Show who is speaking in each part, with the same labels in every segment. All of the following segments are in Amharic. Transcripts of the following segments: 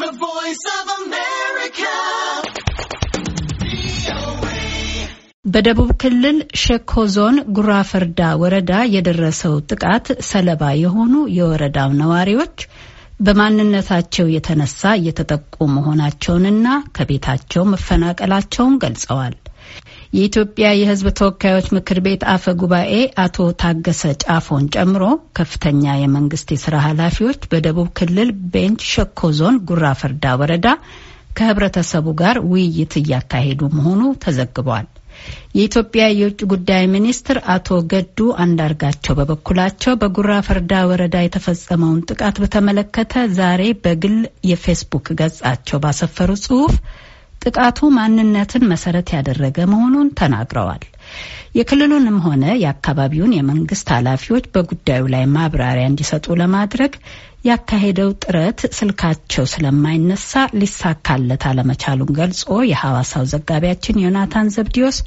Speaker 1: The Voice of America.
Speaker 2: በደቡብ ክልል ሸኮ ዞን ጉራፈርዳ ወረዳ የደረሰው ጥቃት ሰለባ የሆኑ የወረዳው ነዋሪዎች በማንነታቸው የተነሳ እየተጠቁ መሆናቸውንና ከቤታቸው መፈናቀላቸውን ገልጸዋል። የኢትዮጵያ የሕዝብ ተወካዮች ምክር ቤት አፈ ጉባኤ አቶ ታገሰ ጫፎን ጨምሮ ከፍተኛ የመንግስት የስራ ኃላፊዎች በደቡብ ክልል ቤንች ሸኮ ዞን ጉራ ፈርዳ ወረዳ ከህብረተሰቡ ጋር ውይይት እያካሄዱ መሆኑ ተዘግቧል። የኢትዮጵያ የውጭ ጉዳይ ሚኒስትር አቶ ገዱ አንዳርጋቸው በበኩላቸው በጉራ ፈርዳ ወረዳ የተፈጸመውን ጥቃት በተመለከተ ዛሬ በግል የፌስቡክ ገጻቸው ባሰፈሩ ጽሁፍ ጥቃቱ ማንነትን መሰረት ያደረገ መሆኑን ተናግረዋል። የክልሉንም ሆነ የአካባቢውን የመንግስት ኃላፊዎች በጉዳዩ ላይ ማብራሪያ እንዲሰጡ ለማድረግ ያካሄደው ጥረት ስልካቸው ስለማይነሳ ሊሳካለት አለመቻሉን ገልጾ የሐዋሳው ዘጋቢያችን ዮናታን ዘብዲዮስ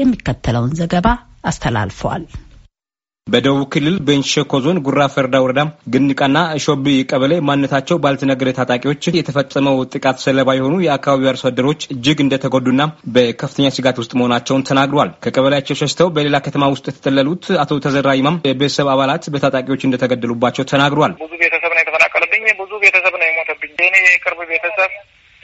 Speaker 2: የሚከተለውን ዘገባ አስተላልፏል።
Speaker 3: በደቡብ ክልል ቤንች ሸኮ ዞን ጉራ ፈርዳ ወረዳ ግንቃና ሾቢ ቀበሌ ማንነታቸው ባልተነገረ ታጣቂዎች የተፈጸመው ጥቃት ሰለባ የሆኑ የአካባቢው አርሶ አደሮች እጅግ እንደተጎዱና በከፍተኛ ስጋት ውስጥ መሆናቸውን ተናግሯል። ከቀበሌያቸው ሸሽተው በሌላ ከተማ ውስጥ የተጠለሉት አቶ ተዘራ ይማም የቤተሰብ አባላት በታጣቂዎች እንደተገደሉባቸው ተናግሯል። ብዙ ቤተሰብ ነው
Speaker 1: የተፈናቀለብኝ። ብዙ ቤተሰብ ነው የሞተብኝ። የኔ የቅርብ ቤተሰብ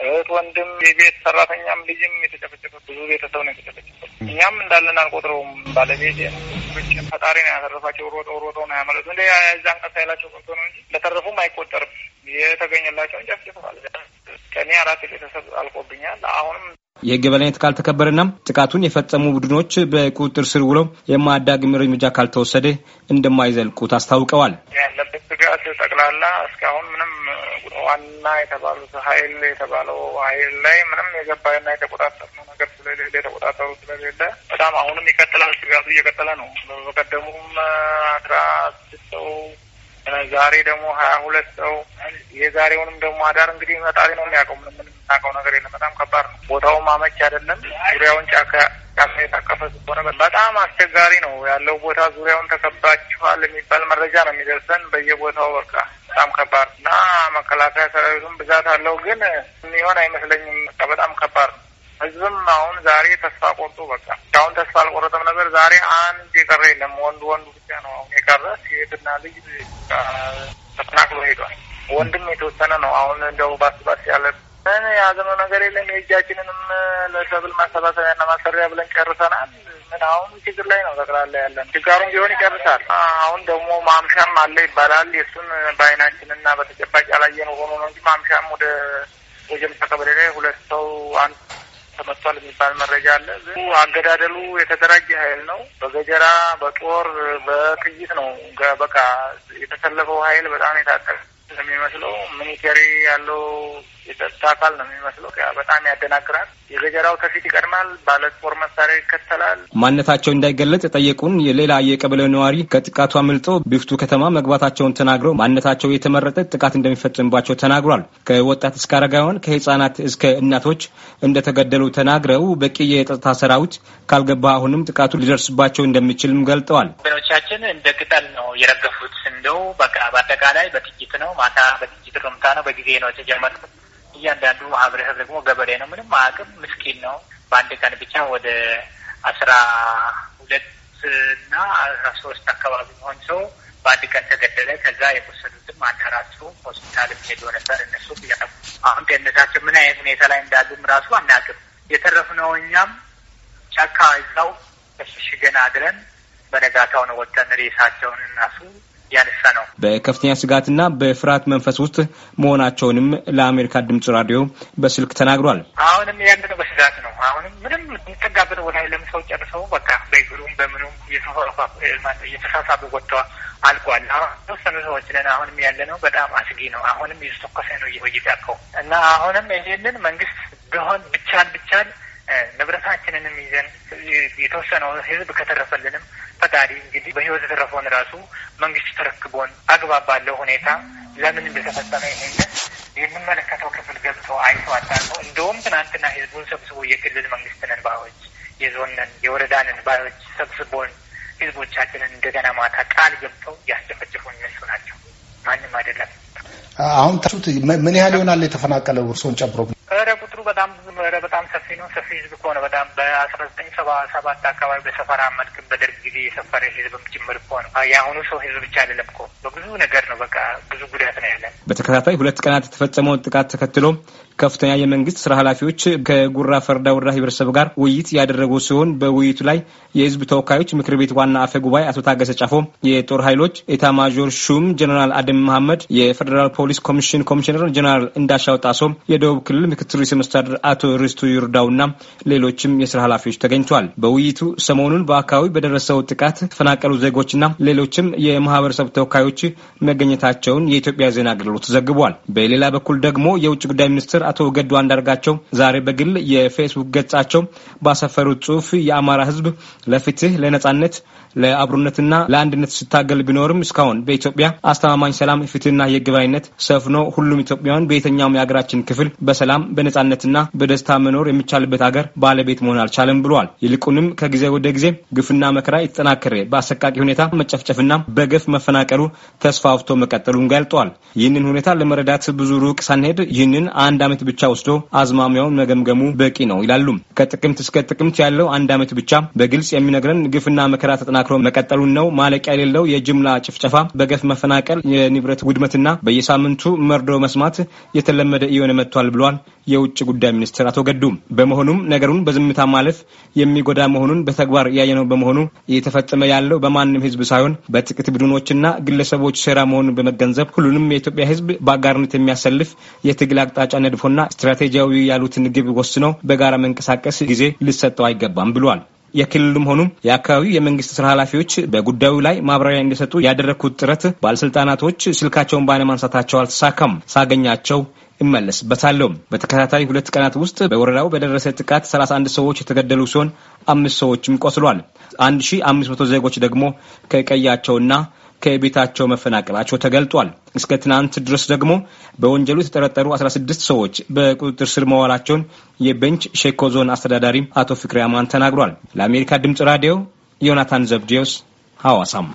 Speaker 1: እህት ወንድም፣ የቤት ሰራተኛም ልጅም የተጨፈጨፈው ብዙ ቤተሰብ ነው የተጨፈጨፈው። እኛም እንዳለን አንቆጥረውም። ባለቤት ፈጣሪ ነው ያተረፋቸው። ሮጠው ሮጠው ነው ያመለጡ። እንደ ዛን ቀሳ ያላቸው ቀርቶ ነው እንጂ ለተረፉም አይቆጠርም። የተገኘላቸውን ጨፍጭፈዋል። ከኔ አራት ቤተሰብ አልቆብኛል። አሁንም
Speaker 3: የህግ የበላይነት ካልተከበረና ጥቃቱን የፈጸሙ ቡድኖች በቁጥጥር ስር ውለው የማያዳግም እርምጃ ካልተወሰደ እንደማይዘልቁት አስታውቀዋል። ያለበት ስጋት ጠቅላላ እስካሁን ምንም ዋና የተባሉት
Speaker 1: ሀይል የተባለው ሀይል ላይ ምንም የገባና የተቆጣጠርነው ነገር ስለሌለ የተቆጣጠሩ ስለሌለ በጣም አሁንም ይቀጥላል። ስጋቱ እየቀጠለ ነው። በቀደሙም አስራ ስድስት ሰው ዛሬ ደግሞ ሀያ ሁለት ሰው የዛሬውንም ደግሞ አዳር እንግዲህ መጣሪ ነው የሚያውቀው። ምንም የምናውቀው ነገር የለም። በጣም ከባድ ነው። ቦታውም አመች አይደለም። ዙሪያውን ጫካ ጫካ የታቀፈ ስለሆነ በጣም አስቸጋሪ ነው ያለው ቦታ። ዙሪያውን ተከባችኋል የሚባል መረጃ ነው የሚደርሰን በየቦታው በቃ በጣም ከባድ እና መከላከያ ሰራዊቱም ብዛት አለው፣ ግን የሚሆን አይመስለኝም። በጣም ከባድ ነው። ህዝብም አሁን ዛሬ ተስፋ ቆርጦ በቃ አሁን ተስፋ አልቆረጠም ነበር። ዛሬ አንድ የቀረ የለም። ወንድ ወንዱ ብቻ ነው አሁን የቀረ። ሴትና ልጅ ተፈናቅሎ ሄዷል። ወንድም የተወሰነ ነው። አሁን እንደው ባስባስ ያለ ያዘነው ነገር የለም። የእጃችንንም ለሰብል ማሰባሰቢያና ማሰሪያ ብለን ጨርሰናል። ምን አሁን ችግር ላይ ነው ጠቅላላ ያለን። ችጋሩም ቢሆን ይጨርሳል። አሁን ደግሞ ማምሻም አለ ይባላል። የእሱን በአይናችንና በተጨባጭ ያላየነው ሆኖ ነው እንጂ ማምሻም ወደ ወጀምሳ ቀበሌ ላይ ሁለት ሰው አንድ ተመቷል የሚባል መረጃ አለ። አገዳደሉ የተደራጀ ኃይል ነው። በገጀራ በጦር በጥይት ነው በቃ የተሰለፈው ኃይል በጣም የታጠቀ ነው የሚመስለው። ሚኒቴሪ ያለው የጸጥታ አካል ነው የሚመስለው። በጣም ያደናግራል። የገጀራው ከፊት ይቀድማል። ባለጦር መሳሪያ ይከተላል።
Speaker 3: ማንነታቸው እንዳይገለጽ የጠየቁን የሌላ የቀበሌው ነዋሪ ከጥቃቱ አምልጦ ቢፍቱ ከተማ መግባታቸውን ተናግረው ማንነታቸው የተመረጠ ጥቃት እንደሚፈጽምባቸው ተናግሯል። ከወጣት እስከ አረጋውያን ከህጻናት እስከ እናቶች እንደተገደሉ ተናግረው በቂ የጸጥታ ሰራዊት ካልገባ አሁንም ጥቃቱ ሊደርስባቸው እንደሚችልም ገልጠዋል።
Speaker 4: ወገኖቻችን እንደ ቅጠል ነው የረገፉት እንደው በቃ በአጠቃላይ በጥቂት ነው ማታ በጥቂት ርምታ ነው በጊዜ ነው የተጀመረው። እያንዳንዱ ማህበረሰብ ደግሞ ገበሬ ነው፣ ምንም አቅም ምስኪን ነው። በአንድ ቀን ብቻ ወደ አስራ ሁለት እና አስራ ሶስት አካባቢ ሆን ሰው በአንድ ቀን ተገደለ። ከዛ የወሰዱትም አንተራሱ ሆስፒታል ሄዶ ነበር። እነሱ አሁን ጤንነታቸው ምን አይነት ሁኔታ ላይ እንዳሉም ራሱ አናቅም። የተረፍነው እኛም ጫካ ይዛው ተሸሽገን አድረን በነጋታው ነው ወጥተን ሬሳቸውን እናሱ ያነሳ ነው።
Speaker 3: በከፍተኛ ስጋትና በፍርሃት መንፈስ ውስጥ መሆናቸውንም ለአሜሪካ ድምጽ ራዲዮ በስልክ ተናግሯል።
Speaker 4: አሁንም ያለነው በስጋት ነው። አሁንም ምንም የሚጠጋበት ቦታ የለም። ሰው ጨርሰው በቃ በእግሩም በምኑም እየተሳሳቡ ወጥተዋ አልቋል። ተወሰኑ ሰዎች ነን አሁንም ያለ ነው። በጣም አስጊ ነው። አሁንም እየተተኮሰ ነው እየወይጫቀው እና አሁንም ይሄንን መንግስት ቢሆን ብቻን ብቻን ንብረታችንንም ይዘን የተወሰነው ህዝብ ከተረፈልንም ፈጣሪ እንግዲህ በህይወት የተረፈውን ራሱ መንግስት ተረክቦን አግባብ ባለው ሁኔታ ለምን እንደተፈጸመ ይሄንን የሚመለከተው ክፍል
Speaker 2: ገብቶ አይቶ ነው። እንደውም ትናንትና ህዝቡን ሰብስቦ የክልል መንግስትንን ባዮች የዞንን
Speaker 4: የወረዳንን ባዮች ሰብስቦን ህዝቦቻችንን እንደገና ማታ ቃል ገብተው ያስጨፈጭፉ እነሱ ናቸው፣ ማንም አይደለም።
Speaker 3: አሁን ምን ያህል ይሆናል የተፈናቀለው
Speaker 2: እርስዎን ጨምሮ? ረ ቁጥሩ በጣም ብዙ ረ በጣም ሰፊ ነው። ሰፊ ህዝብ ከሆነ በጣም በአስራ ዘጠኝ ሰባ ሰባት አካባቢ በሰፈራ
Speaker 3: መልክም በደርግ ጊዜ የሰፈረ ህዝብም ጭምር እኮ ነው። የአሁኑ ሰው ህዝብ ብቻ አይደለም እኮ በብዙ ነገር ነው። በቃ ብዙ ጉዳት ነው ያለን። በተከታታይ ሁለት ቀናት የተፈጸመውን ጥቃት ተከትሎ ከፍተኛ የመንግስት ስራ ኃላፊዎች ከጉራ ፈርዳ ወረዳ ህብረተሰብ ጋር ውይይት ያደረጉ ሲሆን በውይይቱ ላይ የህዝብ ተወካዮች ምክር ቤት ዋና አፈ ጉባኤ አቶ ታገሰ ጫፎ፣ የጦር ኃይሎች ማዦር ሹም ጀነራል አደም መሐመድ፣ የፌዴራል ፖሊስ ኮሚሽን ኮሚሽነር ጀነራል እንዳሻው ጣሶ፣ የደቡብ ክልል ምክትል ርዕሰ መስተዳድር አቶ ሪስቱ ይርዳውና ሌሎችም የስራ ኃላፊዎች ተገኝተዋል። በውይይቱ ሰሞኑን በአካባቢ በደረሰው ጥቃት የተፈናቀሉ ዜጎችና ሌሎችም የማህበረሰብ ተወካዮች መገኘታቸውን የኢትዮጵያ ዜና አገልግሎት ዘግቧል። በሌላ በኩል ደግሞ የውጭ ጉዳይ ሚኒስትር አቶ ገዱ አንዳርጋቸው ዛሬ በግል የፌስቡክ ገጻቸው ባሰፈሩት ጽሁፍ የአማራ ህዝብ ለፍትህ፣ ለነጻነት፣ ለአብሮነትና ለአንድነት ሲታገል ቢኖርም እስካሁን በኢትዮጵያ አስተማማኝ ሰላም፣ ፍትህና የግባይነት ሰፍኖ ሁሉም ኢትዮጵያውያን በየትኛውም የሀገራችን ክፍል በሰላም በነጻነትና በደስታ መኖር የሚቻልበት አገር ባለቤት መሆን አልቻለም ብለዋል። ይልቁንም ከጊዜ ወደ ጊዜ ግፍና መከራ የተጠናከረ በአሰቃቂ ሁኔታ መጨፍጨፍና በገፍ መፈናቀሉ ተስፋፍቶ መቀጠሉን ገልጠዋል። ይህንን ሁኔታ ለመረዳት ብዙ ሩቅ ሳንሄድ ይህንን አንድ ዓመት ብቻ ወስዶ አዝማሚያውን መገምገሙ በቂ ነው ይላሉ። ከጥቅምት እስከ ጥቅምት ያለው አንድ ዓመት ብቻ በግልጽ የሚነግረን ግፍና መከራ ተጠናክሮ መቀጠሉን ነው። ማለቂያ የሌለው የጅምላ ጭፍጨፋ፣ በገፍ መፈናቀል፣ የንብረት ውድመትና በየሳምንቱ መርዶ መስማት የተለመደ እየሆነ መጥቷል ብሏል። የውጭ ጉዳይ ሚኒስትር አቶ ገዱ። በመሆኑም ነገሩን በዝምታ ማለፍ የሚጎዳ መሆኑን በተግባር እያየነው በመሆኑ እየተፈጸመ ያለው በማንም ህዝብ ሳይሆን በጥቂት ቡድኖችና ግለሰቦች ስራ መሆኑን በመገንዘብ ሁሉንም የኢትዮጵያ ህዝብ በአጋርነት የሚያሰልፍ የትግል አቅጣጫ ነድፎና ስትራቴጂያዊ ያሉትን ግብ ወስኖ በጋራ መንቀሳቀስ ጊዜ ሊሰጠው አይገባም ብሏል። የክልሉም ሆኑም የአካባቢው የመንግስት ስራ ኃላፊዎች በጉዳዩ ላይ ማብራሪያ እንዲሰጡ ያደረግኩት ጥረት ባለስልጣናቶች ስልካቸውን ባለማንሳታቸው አልተሳካም። ሳገኛቸው እመለስበታለሁ። በተከታታይ ሁለት ቀናት ውስጥ በወረዳው በደረሰ ጥቃት 31 ሰዎች የተገደሉ ሲሆን አምስት ሰዎችም ቆስሏል። 1500 ዜጎች ደግሞ ከቀያቸውና ከቤታቸው መፈናቀላቸው ተገልጧል። እስከ ትናንት ድረስ ደግሞ በወንጀሉ የተጠረጠሩ 16 ሰዎች በቁጥጥር ስር መዋላቸውን የቤንች ሼኮ ዞን አስተዳዳሪ አቶ ፍቅሬ አማን ተናግሯል። ለአሜሪካ ድምጽ ራዲዮ ዮናታን ዘብዲዮስ ሐዋሳም